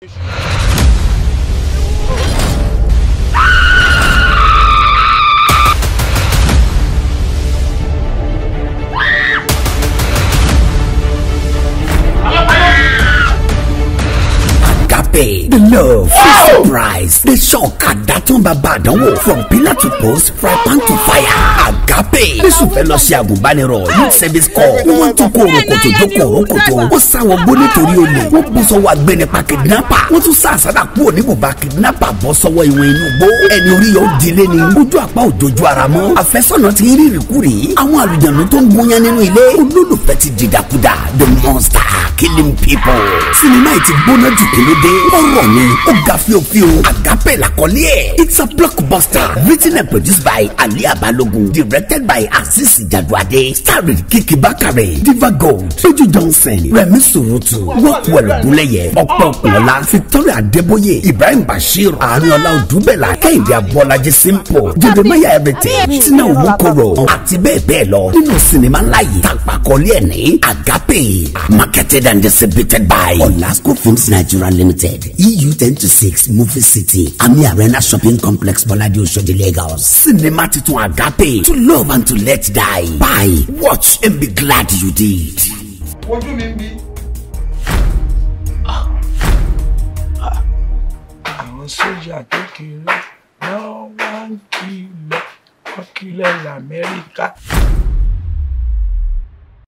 the love, the surprise, the shock, àdátún bàbá àdánwò from pillar to post, from pan to fire. Àga pay bísù fẹ́ lọ ṣe àgùnbánirọ̀ youth service call. ni wọ́n tún kó orokoto jókòó orokoto ó sá wọn gbó nítorí olè wọ́n bú sọ́wọ́ agbẹnipa kidnapper wọ́n tún sá àsádà kúrò ní bùbá kidnapper bọ́ sọ́wọ́ ìwọ̀n inú gbó ẹni orí yóò dilé ni ojú àpá òjòjú ara mọ́ àfẹ́sọ́nà ti rí ìrìkúrì àwọn àlùjànnú tó ń gbóyan nínú ilé olólùfẹ́ ti dìdàkudà the monster killing people sinimá yìí ti gbóná jù kí ló dé ó ga fíofío àgápẹ́ làkọ́lé ẹ̀ it's a blockbuster written and produced by Ali Abalogun directed by azeez jaduade starring kiki bakare diva gold péjú johnson rẹmi surutu rockwell ogunlẹyẹ ọpẹ ọpọlọlá victoria Deboye, ibrahim bashir àríọlá odúbẹlà kẹ́hìndé abọ́lájí simple jẹdẹmẹyà ẹbẹtẹ tina owókòrò àti bẹ́ẹ̀ bẹ́ẹ̀ lọ nínú sinimá láyé àkọlé ẹ̀ ní agape marketed and distributed by olasco films nigeria limited eu ten to six movie city ami arena shopping complex bolade oshodi lagos cinema titun agape to love and to let die buy watch and be glad you did. ojú mi ń bí. àwọn sójà tó kiri náà wá ń kí lọ wọ́n kí